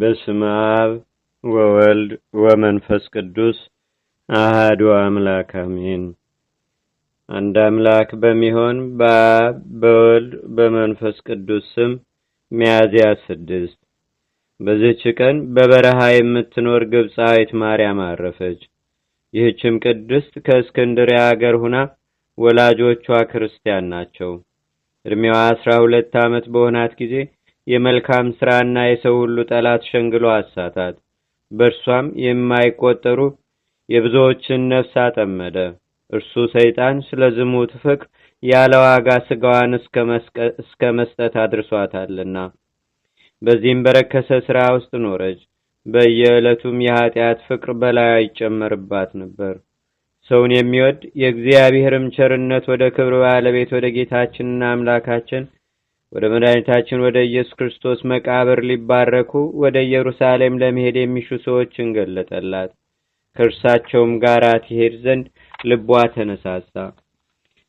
በስመ አብ ወወልድ ወመንፈስ ቅዱስ አህዱ አምላክ አሜን። አንድ አምላክ በሚሆን በአብ በወልድ በመንፈስ ቅዱስ ስም ሚያዝያ ስድስት በዚህች ቀን በበረሃ የምትኖር ግብፃዊት ማርያም አረፈች። ይህችም ቅድስት ከእስክንድርያ አገር ሁና ወላጆቿ ክርስቲያን ናቸው። ዕድሜዋ አስራ ሁለት ዓመት በሆናት ጊዜ የመልካም ሥራና የሰው ሁሉ ጠላት ሸንግሎ አሳታት። በእርሷም የማይቆጠሩ የብዙዎችን ነፍስ አጠመደ። እርሱ ሰይጣን ስለ ዝሙት ፍቅር ያለ ዋጋ ሥጋዋን እስከ መስጠት አድርሷታልና በዚህም በረከሰ ሥራ ውስጥ ኖረች። በየዕለቱም የኀጢአት ፍቅር በላይ ይጨመርባት ነበር። ሰውን የሚወድ የእግዚአብሔርም ቸርነት ወደ ክብር ባለቤት ወደ ጌታችንና አምላካችን ወደ መድኃኒታችን ወደ ኢየሱስ ክርስቶስ መቃብር ሊባረኩ ወደ ኢየሩሳሌም ለመሄድ የሚሹ ሰዎችን ገለጠላት። ከእርሳቸውም ጋር ትሄድ ዘንድ ልቧ ተነሳሳ።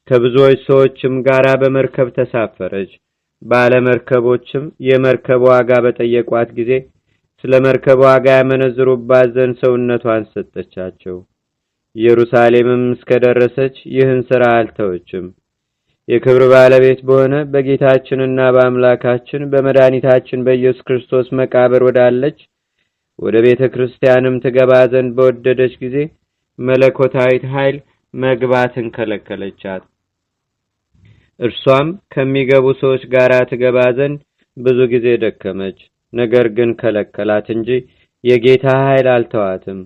ከብዙዎች ሰዎችም ጋር በመርከብ ተሳፈረች። ባለ መርከቦችም የመርከብ ዋጋ በጠየቋት ጊዜ ስለ መርከብ ዋጋ ያመነዝሩባት ዘንድ ሰውነቷን ሰጠቻቸው። ኢየሩሳሌምም እስከደረሰች ይህን ሥራ አልተወችም። የክብር ባለቤት በሆነ በጌታችንና በአምላካችን በመድኃኒታችን በኢየሱስ ክርስቶስ መቃብር ወዳለች ወደ ቤተ ክርስቲያንም ትገባ ዘንድ በወደደች ጊዜ መለኮታዊት ኃይል መግባትን ከለከለቻት። እርሷም ከሚገቡ ሰዎች ጋር ትገባ ዘንድ ብዙ ጊዜ ደከመች፣ ነገር ግን ከለከላት እንጂ የጌታ ኃይል አልተዋትም።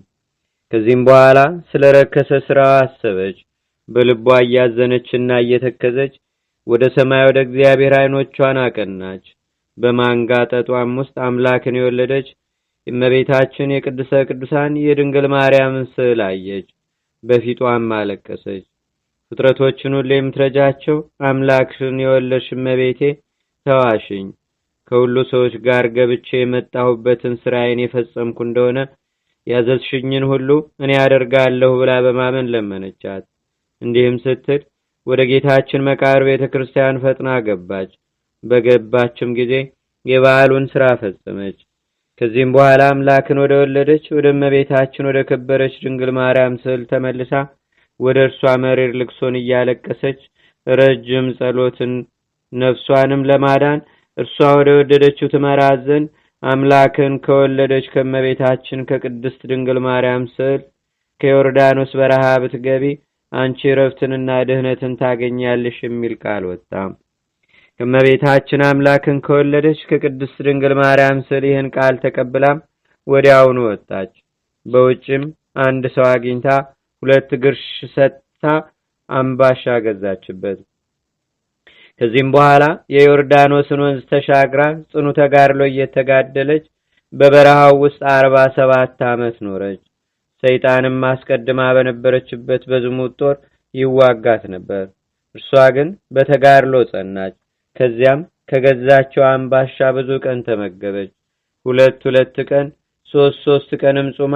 ከዚህም በኋላ ስለ ረከሰ ሥራዋ አሰበች። በልቧ እያዘነችና እየተከዘች ወደ ሰማይ ወደ እግዚአብሔር አይኖቿን አቀናች። በማንጋጠጧም ውስጥ አምላክን የወለደች እመቤታችን የቅድስተ ቅዱሳን የድንግል ማርያምን ስዕል አየች። በፊቷም አለቀሰች። ፍጥረቶችን ሁሉ የምትረጃቸው አምላክን የወለድሽ እመቤቴ ተዋሽኝ፣ ከሁሉ ሰዎች ጋር ገብቼ የመጣሁበትን ስራዬን የፈጸምኩ እንደሆነ ያዘዝሽኝን ሁሉ እኔ አደርጋለሁ ብላ በማመን ለመነቻት። እንዲህም ስትል ወደ ጌታችን መቃብር ቤተ ክርስቲያን ፈጥና ገባች። በገባችም ጊዜ የበዓሉን ሥራ ፈጸመች። ከዚህም በኋላ አምላክን ወደ ወለደች ወደ እመቤታችን ወደ ከበረች ድንግል ማርያም ስዕል ተመልሳ ወደ እርሷ መሬር ልቅሶን እያለቀሰች ረጅም ጸሎትን ነፍሷንም ለማዳን እርሷ ወደ ወደደችው ትመራት አምላክን ከወለደች ከመቤታችን ከቅድስት ድንግል ማርያም ስዕል ከዮርዳኖስ በረሃ ብትገቢ አንቺ ረፍትንና ድህነትን ታገኛለሽ የሚል ቃል ወጣ። እመቤታችን አምላክን ከወለደች ከቅድስት ድንግል ማርያም ስል ይህን ቃል ተቀብላም ወዲያውኑ ወጣች። በውጭም አንድ ሰው አግኝታ ሁለት ግርሽ ሰጥታ አምባሻ ገዛችበት። ከዚህም በኋላ የዮርዳኖስን ወንዝ ተሻግራ ጽኑ ተጋድሎ እየተጋደለች በበረሃው ውስጥ አርባ ሰባት ዓመት ኖረች። ሰይጣንም አስቀድማ በነበረችበት በዝሙት ጦር ይዋጋት ነበር። እርሷ ግን በተጋድሎ ጸናች። ከዚያም ከገዛቸው አምባሻ ብዙ ቀን ተመገበች። ሁለት ሁለት ቀን ሶስት ሶስት ቀንም ጾማ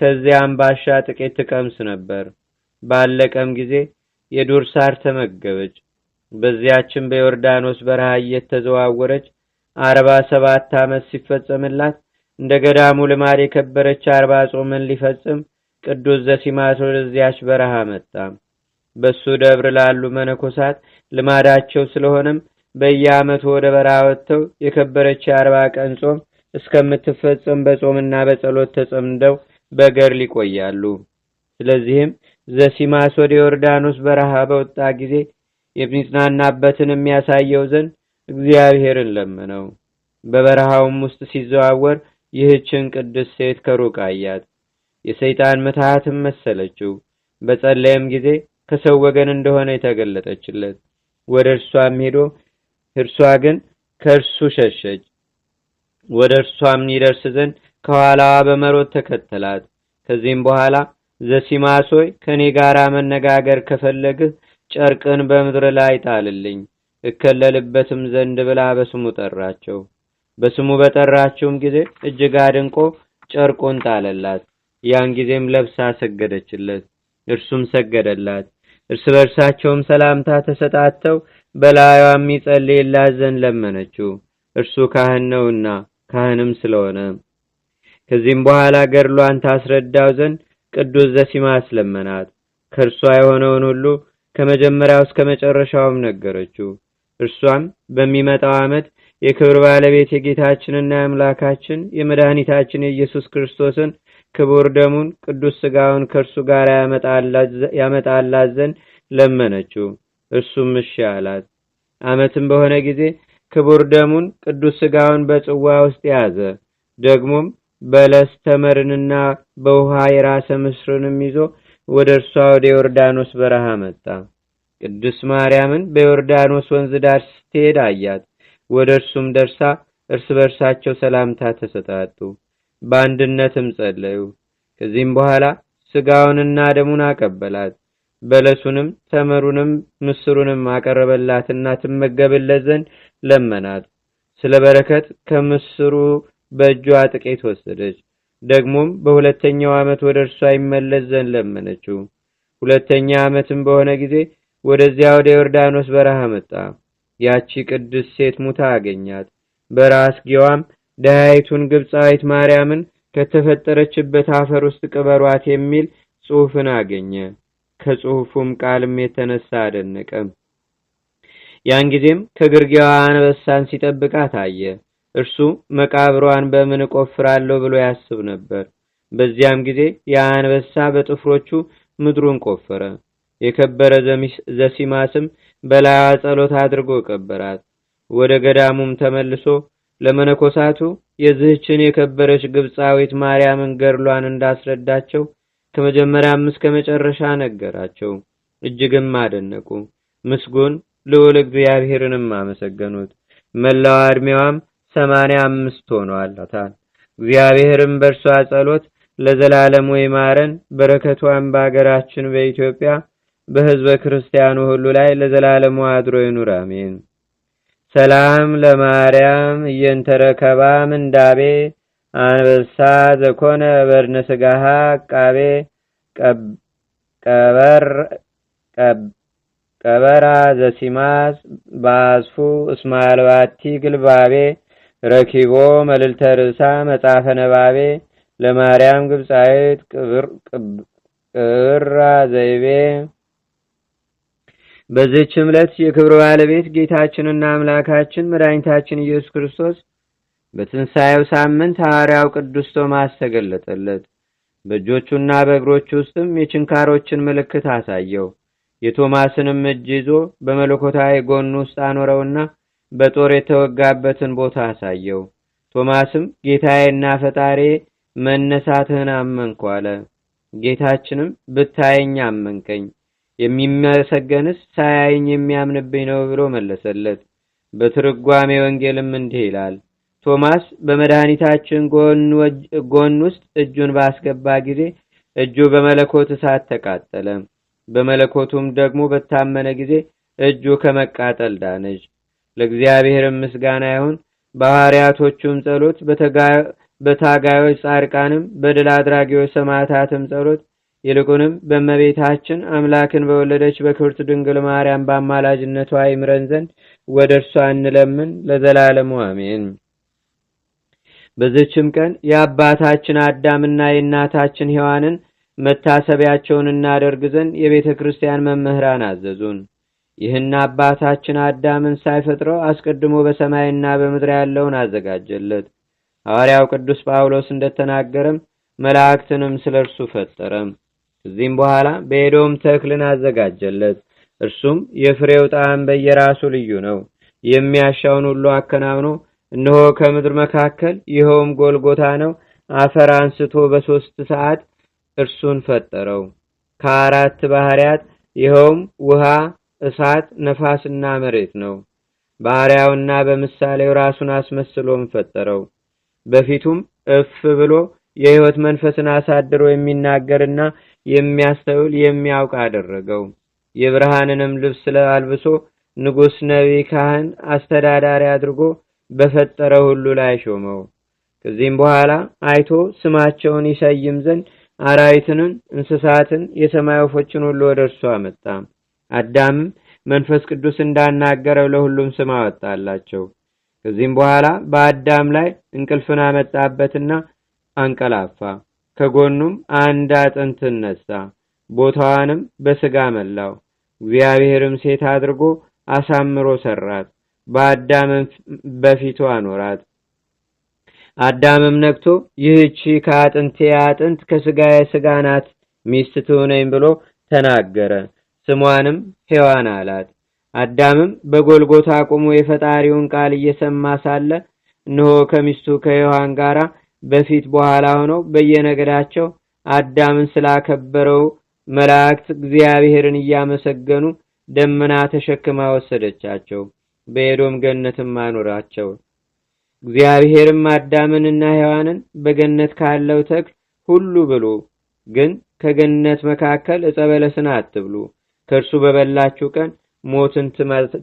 ከዚያ አምባሻ ጥቂት ትቀምስ ነበር። ባለቀም ጊዜ የዱር ሳር ተመገበች። በዚያችን በዮርዳኖስ በረሃ እየተዘዋወረች አርባ ሰባት ዓመት ሲፈጸምላት እንደ ገዳሙ ልማድ የከበረች አርባ ጾምን ሊፈጽም ቅዱስ ዘሲማት ወደዚያች በረሃ መጣ። በሱ ደብር ላሉ መነኮሳት ልማዳቸው ስለሆነም በየዓመቱ ወደ በረሃ ወጥተው የከበረች የአርባ ቀን ጾም እስከምትፈጸም በጾምና በጸሎት ተጸምደው በገር ሊቆያሉ። ስለዚህም ዘሲማስ ወደ ዮርዳኖስ በረሃ በወጣ ጊዜ የሚጽናናበትን የሚያሳየው ዘንድ እግዚአብሔርን ለመነው። በበረሃውም ውስጥ ሲዘዋወር ይህችን ቅድስት ሴት ከሩቅ አያት፣ የሰይጣን ምትሃትም መሰለችው። በጸለየም ጊዜ ከሰው ወገን እንደሆነ የተገለጠችለት፣ ወደ እርሷም ሄዶ እርሷ ግን ከእርሱ ሸሸች። ወደ እርሷም ይደርስ ዘንድ ከኋላዋ በመሮጥ ተከተላት። ከዚህም በኋላ ዘሲማሶይ ከእኔ ጋር መነጋገር ከፈለግህ ጨርቅን በምድር ላይ ጣልልኝ እከለልበትም ዘንድ ብላ በስሙ ጠራቸው። በስሙ በጠራቸውም ጊዜ እጅግ አድንቆ ጨርቆን ጣለላት። ያን ጊዜም ለብሳ ሰገደችለት፣ እርሱም ሰገደላት። እርስ በርሳቸውም ሰላምታ ተሰጣተው በላዩዋ ይጸልይላት ዘንድ ለመነችው፣ እርሱ ካህን ነውና ካህንም ስለሆነ። ከዚህም በኋላ ገድሏን ታስረዳው ዘንድ ቅዱስ ዘሲማስ ለመናት። ከእርሷ የሆነውን ሁሉ ከመጀመሪያው እስከ መጨረሻውም ነገረችው። እርሷም በሚመጣው ዓመት የክብር ባለቤት የጌታችንና የአምላካችን የመድኃኒታችን የኢየሱስ ክርስቶስን ክቡር ደሙን ቅዱስ ስጋውን ከእርሱ ጋር ያመጣላት ዘንድ ለመነችው። እርሱም እሺ አላት። ዓመትም በሆነ ጊዜ ክቡር ደሙን ቅዱስ ስጋውን በጽዋ ውስጥ ያዘ። ደግሞም በለስ ተመርንና በውሃ የራሰ ምስርንም ይዞ ወደ እርሷ ወደ ዮርዳኖስ በረሃ መጣ። ቅዱስ ማርያምን በዮርዳኖስ ወንዝ ዳር ስትሄድ አያት። ወደ እርሱም ደርሳ እርስ በርሳቸው ሰላምታ ተሰጣጡ፣ በአንድነትም ጸለዩ። ከዚህም በኋላ ስጋውንና ደሙን አቀበላት፣ በለሱንም ተመሩንም ምስሩንም አቀረበላትና ትመገብለት ዘንድ ለመናት። ስለ በረከት ከምስሩ በእጇ ጥቂት ወሰደች። ደግሞም በሁለተኛው ዓመት ወደ እርሷ ይመለስ ዘንድ ለመነችው። ሁለተኛ ዓመትም በሆነ ጊዜ ወደዚያ ወደ ዮርዳኖስ በረሃ መጣ። ያቺ ቅድስት ሴት ሙታ አገኛት። በራስጌዋም ደሃይቱን ግብፃዊት ማርያምን ከተፈጠረችበት አፈር ውስጥ ቅበሯት የሚል ጽሑፍን አገኘ። ከጽሑፉም ቃልም የተነሳ አደነቀም። ያን ጊዜም ከግርጌዋ አንበሳን ሲጠብቃት አየ። እርሱ መቃብሯን በምን ቆፍራለሁ ብሎ ያስብ ነበር። በዚያም ጊዜ ያ አንበሳ በጥፍሮቹ ምድሩን ቆፈረ። የከበረ ዘሲማስም በላያ ጸሎት አድርጎ ቀበራት። ወደ ገዳሙም ተመልሶ ለመነኮሳቱ የዚህችን የከበረች ግብፃዊት ማርያምን ገድሏን እንዳስረዳቸው ከመጀመሪያም እስከ መጨረሻ ነገራቸው። እጅግም አደነቁ፣ ምስጉን ልዑል እግዚአብሔርንም አመሰገኑት። መላዋ ዕድሜዋም ሰማንያ አምስት ሆኗላታል። እግዚአብሔርም በእርሷ ጸሎት ለዘላለሙ ይማረን፣ በረከቷን በአገራችን በኢትዮጵያ በህዝበ ክርስቲያኑ ሁሉ ላይ ለዘላለሙ አድሮ ይኑር፣ አሜን። ሰላም ለማርያም እየንተረከባ ምንዳቤ አንበሳ ዘኮነ በድነ ስጋሃ ቃቤ ቀበራ ዘሲማስ በአስፉ እስማልባቲ ግልባቤ ረኪቦ መልልተ ርእሳ መጻፈ ነባቤ ለማርያም ግብፃዊት ቅብራ ዘይቤ በዚህች ዕለት የክብር ባለቤት ጌታችንና አምላካችን መድኃኒታችን ኢየሱስ ክርስቶስ በትንሣኤው ሳምንት ሐዋርያው ቅዱስ ቶማስ ተገለጠለት። በእጆቹና በእግሮቹ ውስጥም የችንካሮችን ምልክት አሳየው። የቶማስንም እጅ ይዞ በመለኮታዊ ጎኑ ውስጥ አኖረውና በጦር የተወጋበትን ቦታ አሳየው። ቶማስም ጌታዬና ፈጣሬ መነሳትህን አመንኩ አለ። ጌታችንም ብታየኝ አመንከኝ የሚመሰገንስ ሳያይኝ የሚያምንብኝ ነው ብሎ መለሰለት። በትርጓሜ ወንጌልም እንዲህ ይላል፣ ቶማስ በመድኃኒታችን ጎን ውስጥ እጁን ባስገባ ጊዜ እጁ በመለኮት እሳት ተቃጠለ። በመለኮቱም ደግሞ በታመነ ጊዜ እጁ ከመቃጠል ዳነች። ለእግዚአብሔር ምስጋና ይሁን። በሐዋርያቶቹም ጸሎት፣ በታጋዮች ጻድቃንም፣ በድል አድራጊዎች ሰማዕታትም ጸሎት ይልቁንም በመቤታችን አምላክን በወለደች በክብርት ድንግል ማርያም በአማላጅነቷ ይምረን ዘንድ ወደ እርሷ እንለምን ለዘላለሙ አሜን። በዚችም ቀን የአባታችን አዳምና የእናታችን ሔዋንን መታሰቢያቸውን እናደርግ ዘንድ የቤተ ክርስቲያን መምህራን አዘዙን። ይህን አባታችን አዳምን ሳይፈጥረው አስቀድሞ በሰማይና በምድር ያለውን አዘጋጀለት። ሐዋርያው ቅዱስ ጳውሎስ እንደተናገረም መላእክትንም ስለ እርሱ ፈጠረም። ከዚህም በኋላ በኤዶም ተክልን አዘጋጀለት። እርሱም የፍሬው ጣዕም በየራሱ ልዩ ነው። የሚያሻውን ሁሉ አከናውኖ እነሆ ከምድር መካከል ይኸውም ጎልጎታ ነው፣ አፈር አንስቶ በሦስት ሰዓት እርሱን ፈጠረው። ከአራት ባህርያት ይኸውም ውሃ፣ እሳት፣ ነፋስና መሬት ነው። ባህርያውና በምሳሌው ራሱን አስመስሎም ፈጠረው። በፊቱም እፍ ብሎ የሕይወት መንፈስን አሳድሮ የሚናገርና የሚያስተውል የሚያውቅ አደረገው። የብርሃንንም ልብስ አልብሶ ንጉሥ፣ ነቢይ፣ ካህን፣ አስተዳዳሪ አድርጎ በፈጠረ ሁሉ ላይ ሾመው። ከዚህም በኋላ አይቶ ስማቸውን ይሰይም ዘንድ አራዊትንን፣ እንስሳትን፣ የሰማይ ወፎችን ሁሉ ወደ እርሱ አመጣ። አዳምም መንፈስ ቅዱስ እንዳናገረው ለሁሉም ስም አወጣላቸው። ከዚህም በኋላ በአዳም ላይ እንቅልፍን አመጣበትና አንቀላፋ። ከጎኑም አንድ አጥንት እነሳ፣ ቦታዋንም በስጋ መላው። እግዚአብሔርም ሴት አድርጎ አሳምሮ ሰራት፣ በአዳምም በፊቱ አኖራት። አዳምም ነግቶ ይህቺ ከአጥንቴ አጥንት ከስጋ የስጋ ናት ሚስት ትሁነኝ ብሎ ተናገረ። ስሟንም ሔዋን አላት። አዳምም በጎልጎታ ቆሞ የፈጣሪውን ቃል እየሰማ ሳለ እነሆ ከሚስቱ ከሔዋን ጋራ በፊት በኋላ ሆነው በየነገዳቸው አዳምን ስላከበረው መላእክት እግዚአብሔርን እያመሰገኑ ደመና ተሸክማ ወሰደቻቸው፣ በኤዶም ገነትም አኖራቸው። እግዚአብሔርም አዳምንና ሔዋንን በገነት ካለው ተክል ሁሉ ብሉ፣ ግን ከገነት መካከል ዕፀ በለስን አትብሉ፣ ከእርሱ በበላችሁ ቀን ሞትን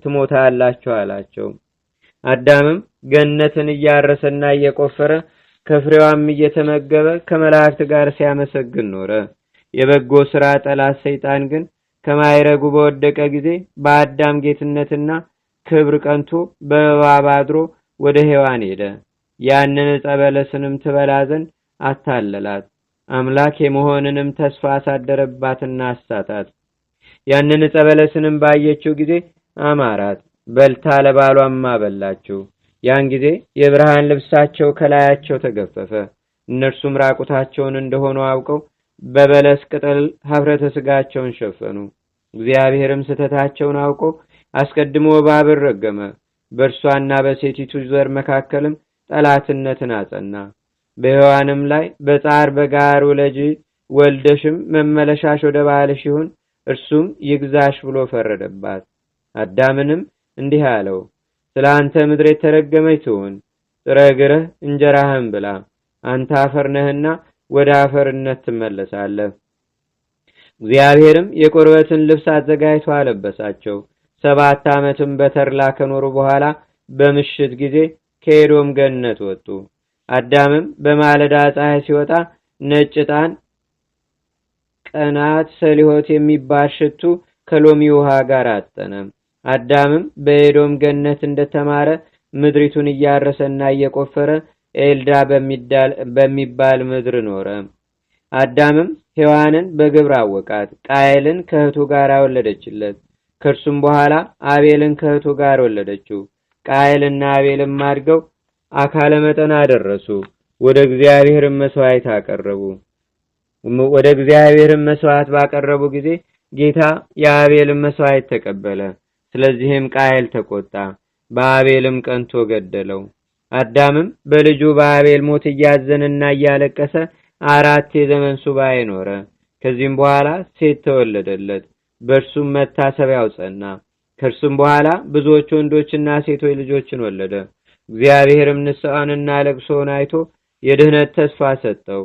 ትሞታላችሁ አላቸው። አዳምም ገነትን እያረሰና እየቆፈረ ከፍሬዋም እየተመገበ ከመላእክት ጋር ሲያመሰግን ኖረ። የበጎ ሥራ ጠላት ሰይጣን ግን ከማይረጉ በወደቀ ጊዜ በአዳም ጌትነትና ክብር ቀንቶ በእባብ አድሮ ወደ ሔዋን ሄደ። ያንን ዕፀ በለስንም ትበላ ዘንድ አታለላት። አምላክ የመሆንንም ተስፋ አሳደረባትና አሳታት። ያንን ዕፀ በለስንም ባየችው ጊዜ አማራት፣ በልታ ለባሏም አበላችው። ያን ጊዜ የብርሃን ልብሳቸው ከላያቸው ተገፈፈ። እነርሱም ራቁታቸውን እንደሆኑ አውቀው በበለስ ቅጠል ሀፍረተ ስጋቸውን ሸፈኑ። እግዚአብሔርም ስህተታቸውን አውቆ አስቀድሞ እባብን ረገመ። በእርሷና በሴቲቱ ዘር መካከልም ጠላትነትን አጸና። በሔዋንም ላይ በጻር በጋር ውለጂ ወልደሽም መመለሻሽ ወደ ባልሽ ይሁን እርሱም ይግዛሽ ብሎ ፈረደባት። አዳምንም እንዲህ አለው ስለ አንተ ምድር የተረገመች ትሁን፣ ጥረ እንጀራህን ብላ፣ አንተ አፈር ነህና ወደ አፈርነት ትመለሳለህ። እግዚአብሔርም የቁርበትን ልብስ አዘጋጅቶ አለበሳቸው። ሰባት ዓመትም በተርላ ከኖሩ በኋላ በምሽት ጊዜ ከኤዶም ገነት ወጡ። አዳምም በማለዳ ፀሐይ ሲወጣ ነጭ ዕጣን፣ ቀናት፣ ሰሊሆት የሚባል ሽቱ ከሎሚ ውሃ ጋር አጠነም። አዳምም በኤዶም ገነት እንደተማረ ምድሪቱን እያረሰና እየቆፈረ ኤልዳ በሚባል ምድር ኖረ። አዳምም ሔዋንን በግብር አወቃት። ቃየልን ከእህቱ ጋር ወለደችለት። ከእርሱም በኋላ አቤልን ከእህቱ ጋር ወለደችው። ቃየልና አቤልም አድገው አካለ መጠን አደረሱ። ወደ እግዚአብሔር መስዋዕት አቀረቡ። ወደ እግዚአብሔር መስዋዕት ባቀረቡ ጊዜ ጌታ የአቤልን መስዋዕት ተቀበለ። ስለዚህም ቃየል ተቆጣ፣ በአቤልም ቀንቶ ገደለው። አዳምም በልጁ በአቤል ሞት እያዘንና እያለቀሰ አራት የዘመን ሱባኤ ኖረ። ከዚህም በኋላ ሴት ተወለደለት፣ በእርሱም መታሰቢያው ጸና። ከእርሱም በኋላ ብዙዎች ወንዶችና ሴቶች ልጆችን ወለደ። እግዚአብሔርም ንስሐንና ለቅሶን አይቶ የድህነት ተስፋ ሰጠው።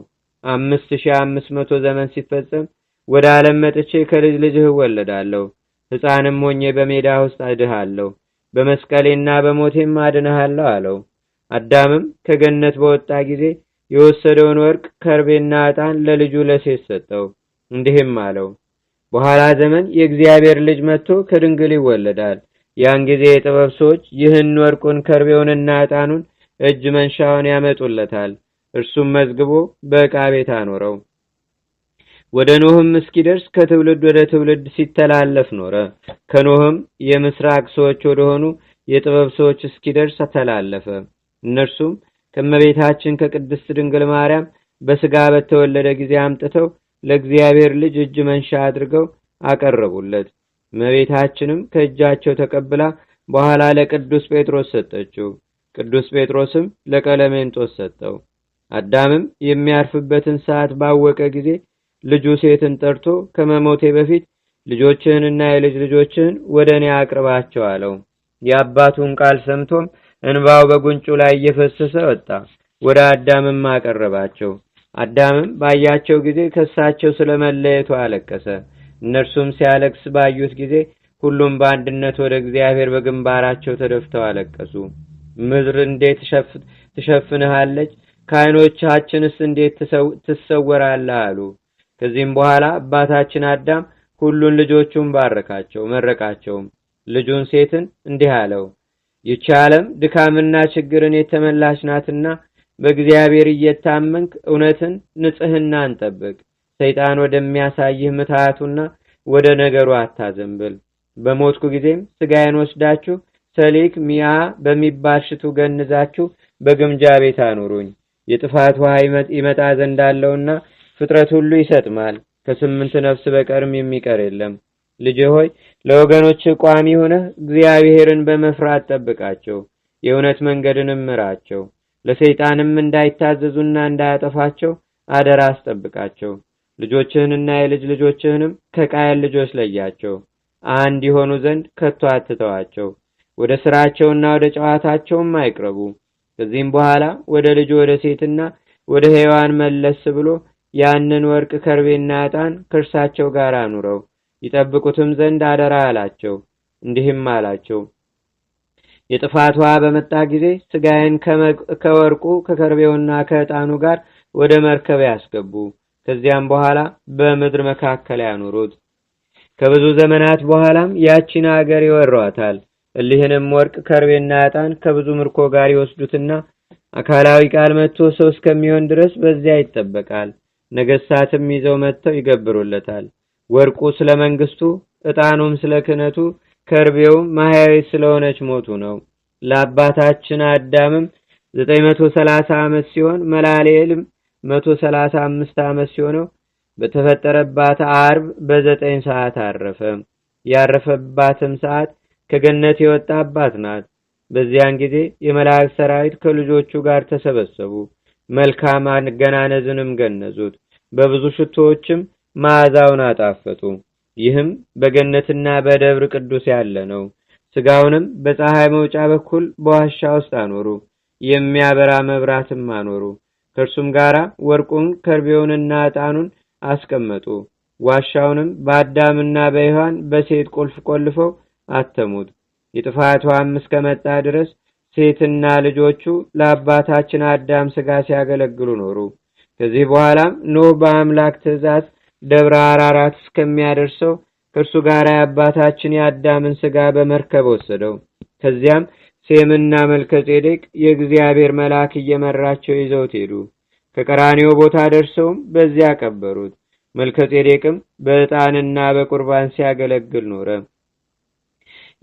አምስት ሺህ አምስት መቶ ዘመን ሲፈጸም ወደ ዓለም መጥቼ ከልጅ ልጅህ እወለዳለሁ ሕፃንም ሆኜ በሜዳ ውስጥ አድሃለሁ፣ በመስቀሌና በሞቴም አድንሃለሁ አለው። አዳምም ከገነት በወጣ ጊዜ የወሰደውን ወርቅ ከርቤና ዕጣን ለልጁ ለሴት ሰጠው። እንዲህም አለው፣ በኋላ ዘመን የእግዚአብሔር ልጅ መጥቶ ከድንግል ይወለዳል። ያን ጊዜ የጥበብ ሰዎች ይህን ወርቁን ከርቤውንና ዕጣኑን እጅ መንሻውን ያመጡለታል። እርሱም መዝግቦ በዕቃ ቤት አኖረው። ወደ ኖህም እስኪደርስ ከትውልድ ወደ ትውልድ ሲተላለፍ ኖረ። ከኖህም የምስራቅ ሰዎች ወደሆኑ የጥበብ ሰዎች እስኪደርስ ተላለፈ። እነርሱም ከእመቤታችን ከቅድስት ድንግል ማርያም በስጋ በተወለደ ጊዜ አምጥተው ለእግዚአብሔር ልጅ እጅ መንሻ አድርገው አቀረቡለት። እመቤታችንም ከእጃቸው ተቀብላ በኋላ ለቅዱስ ጴጥሮስ ሰጠችው። ቅዱስ ጴጥሮስም ለቀለሜንጦስ ሰጠው። አዳምም የሚያርፍበትን ሰዓት ባወቀ ጊዜ ልጁ ሴትን ጠርቶ ከመሞቴ በፊት ልጆችህንና የልጅ ልጆችህን ወደ እኔ አቅርባቸው አለው። የአባቱን ቃል ሰምቶም እንባው በጉንጩ ላይ እየፈሰሰ ወጣ። ወደ አዳምም አቀረባቸው። አዳምም ባያቸው ጊዜ ከሳቸው ስለመለየቱ አለቀሰ። እነርሱም ሲያለቅስ ባዩት ጊዜ ሁሉም በአንድነት ወደ እግዚአብሔር በግንባራቸው ተደፍተው አለቀሱ። ምድር እንዴት ትሸፍንሃለች? ከዓይኖቻችንስ እንዴት ትሰወራለህ? አሉ። ከዚህም በኋላ አባታችን አዳም ሁሉን ልጆቹን ባረካቸው መረቃቸውም። ልጁን ሴትን እንዲህ አለው፣ ይቺ ዓለም ድካምና ችግርን የተመላች ናትና በእግዚአብሔር እየታመንክ እውነትን፣ ንጽህና እንጠብቅ ሰይጣን ወደሚያሳይህ ምትሃቱና ወደ ነገሩ አታዘንብል። በሞትኩ ጊዜም ስጋዬን ወስዳችሁ ሰሊክ ሚያ በሚባል ሽቱ ገንዛችሁ በግምጃ ቤት አኑሩኝ የጥፋት ውሃ ይመጣ ዘንድ አለውና ፍጥረት ሁሉ ይሰጥማል፣ ከስምንት ነፍስ በቀርም የሚቀር የለም። ልጅ ሆይ ለወገኖች ቋሚ ሆነህ እግዚአብሔርን በመፍራት ጠብቃቸው፣ የእውነት መንገድንም ምራቸው። ለሰይጣንም እንዳይታዘዙና እንዳያጠፋቸው አደራ አስጠብቃቸው። ልጆችህንና የልጅ ልጆችህንም ከቃየል ልጆች ለያቸው፣ አንድ የሆኑ ዘንድ ከቶ አትተዋቸው። ወደ ስራቸውና ወደ ጨዋታቸውም አይቅረቡ። ከዚህም በኋላ ወደ ልጁ ወደ ሴትና ወደ ሔዋን መለስ ብሎ ያንን ወርቅ ከርቤና ዕጣን ከእርሳቸው ጋር አኑረው ይጠብቁትም ዘንድ አደራ አላቸው። እንዲህም አላቸው የጥፋቷ በመጣ ጊዜ ስጋዬን ከወርቁ ከከርቤውና ከዕጣኑ ጋር ወደ መርከብ ያስገቡ። ከዚያም በኋላ በምድር መካከል ያኑሩት። ከብዙ ዘመናት በኋላም ያቺን አገር ይወሯታል። እሊህንም ወርቅ ከርቤና ዕጣን ከብዙ ምርኮ ጋር ይወስዱትና አካላዊ ቃል መጥቶ ሰው እስከሚሆን ድረስ በዚያ ይጠበቃል። ነገሥታትም ይዘው መጥተው ይገብሩለታል። ወርቁ ስለ መንግስቱ፣ ዕጣኑም ስለ ክህነቱ፣ ከርቤውም ማህያዊት ስለሆነች ሞቱ ነው። ለአባታችን አዳምም 930 ዓመት ሲሆን መላልኤልም 135 ዓመት ሲሆነው በተፈጠረባት አርብ በዘጠኝ ሰዓት አረፈ። ያረፈባትም ሰዓት ከገነት የወጣባት ናት። በዚያን ጊዜ የመላእክት ሰራዊት ከልጆቹ ጋር ተሰበሰቡ። መልካም አገናነዝንም ገነዙት፣ በብዙ ሽቶዎችም መዓዛውን አጣፈጡ። ይህም በገነትና በደብር ቅዱስ ያለ ነው። ስጋውንም በፀሐይ መውጫ በኩል በዋሻ ውስጥ አኖሩ፣ የሚያበራ መብራትም አኖሩ። ከእርሱም ጋር ወርቁን ከርቤውንና ዕጣኑን አስቀመጡ። ዋሻውንም በአዳምና በሔዋን በሴት ቁልፍ ቆልፈው አተሙት። የጥፋቷም እስከመጣ ድረስ ሴትና ልጆቹ ለአባታችን አዳም ስጋ ሲያገለግሉ ኖሩ። ከዚህ በኋላም ኖህ በአምላክ ትእዛዝ ደብረ አራራት እስከሚያደርሰው ከእርሱ ጋር የአባታችን የአዳምን ስጋ በመርከብ ወሰደው። ከዚያም ሴምና መልከጼዴቅ የእግዚአብሔር መልአክ እየመራቸው ይዘውት ሄዱ። ከቀራኔው ቦታ ደርሰውም በዚያ ቀበሩት። መልከጼዴቅም በዕጣንና በቁርባን ሲያገለግል ኖረ።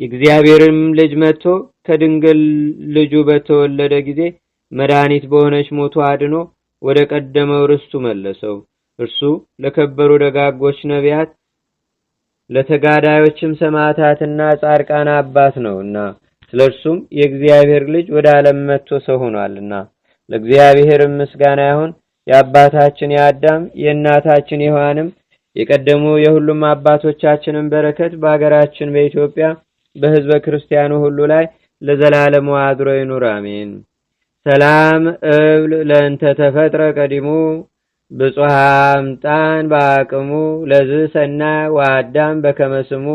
የእግዚአብሔርም ልጅ መጥቶ ከድንግል ልጁ በተወለደ ጊዜ መድኃኒት በሆነች ሞቱ አድኖ ወደ ቀደመው ርስቱ መለሰው። እርሱ ለከበሩ ደጋጎች ነቢያት፣ ለተጋዳዮችም ሰማዕታትና ጻድቃን አባት ነውና ስለ እርሱም የእግዚአብሔር ልጅ ወደ ዓለም መጥቶ ሰው ሆኗልና ለእግዚአብሔርም ምስጋና ይሁን። የአባታችን የአዳም የእናታችን የሔዋንም የቀደሙ የሁሉም አባቶቻችንን በረከት በአገራችን በኢትዮጵያ በህዝበ ክርስቲያኑ ሁሉ ላይ ለዘላለም አድሮ ይኑር አሜን። ሰላም እብል ለእንተ ተፈጥረ ቀዲሙ ብፁሃ እምጣን በአቅሙ ለዝ ሰናይ ወአዳም በከመስሙ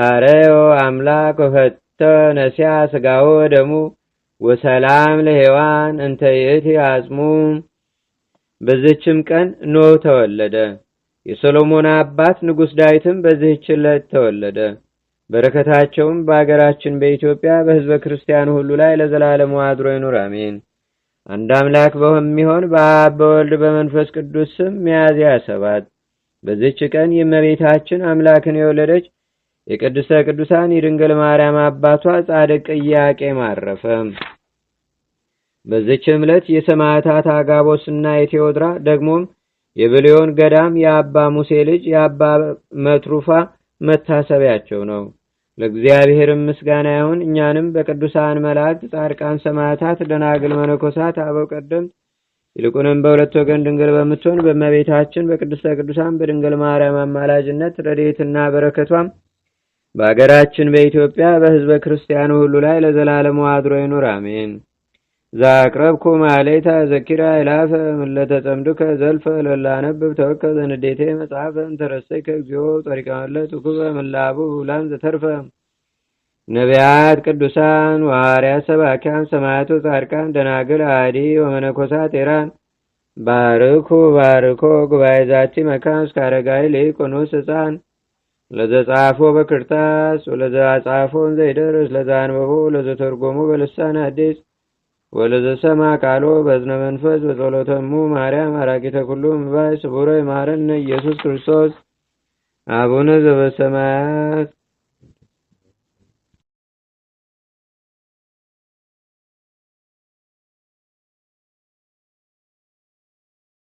ሐረዮ አምላክ ወፈተ ነሲያ ስጋው ወደሙ ወሰላም ለሔዋን እንተ ይእቲ አጽሙ። በዚህችም ቀን ኖህ ተወለደ። የሰሎሞን አባት ንጉሥ ዳዊትም በዚህች ዕለት ተወለደ። በረከታቸውም በአገራችን በኢትዮጵያ በሕዝበ ክርስቲያኑ ሁሉ ላይ ለዘላለሙ አድሮ ይኑር፣ አሜን። አንድ አምላክ በሚሆን በአብ በወልድ በመንፈስ ቅዱስ ስም ሚያዝያ ሰባት በዚች ቀን የእመቤታችን አምላክን የወለደች የቅድስተ ቅዱሳን የድንግል ማርያም አባቷ ጻድቅ ኢያቄም አረፈ። በዚች ዕለት የሰማዕታት አጋቦስና የቴዎድራ ደግሞም የብሌዮን ገዳም የአባ ሙሴ ልጅ የአባ መትሩፋ መታሰቢያቸው ነው። ለእግዚአብሔር ምስጋና ይሁን። እኛንም በቅዱሳን መላእክት፣ ጻድቃን፣ ሰማዕታት፣ ደናግል፣ መነኮሳት፣ አበው ቀደምት ይልቁንም በሁለት ወገን ድንግል በምትሆን በእመቤታችን በቅድስተ ቅዱሳን በድንግል ማርያም አማላጅነት ረድኤትና በረከቷም በአገራችን በኢትዮጵያ በሕዝበ ክርስቲያኑ ሁሉ ላይ ለዘላለሙ አድሮ ይኑር፣ አሜን። ዛቅረብኩ ማሌታ ዘኪራ ይላፈ ምለተጸምዱከ ዘልፈ ለላነብብ ተወከብ ዘንዴቴ መጽሐፈ እንተረሰይከ እግዚኦ ጸሪቀ መለት ኩበ ምላቡ ብላን ዘተርፈ ነቢያት ቅዱሳን ዋርያት ሰባኪያን ሰማያቱ ጻድቃን ደናግል አዲ ወመነኮሳት ኤራን ባርኩ ባርኮ ጉባኤ ዛቲ መካን እስከ አረጋዊ ሊቁኑስ ህፃን ለዘጻፎ በክርታስ ወለዘጻፎን ዘይደርስ ለዘአንበቦ ለዘተርጎሞ በልሳን አዲስ ወለዘሰማ ቃሎ በዝነ መንፈስ በጸሎተሙ ማርያም አራቂተ ኩሉ ምባይ ስቡረ ማረነ ኢየሱስ ክርስቶስ አቡነ ዘበሰማያት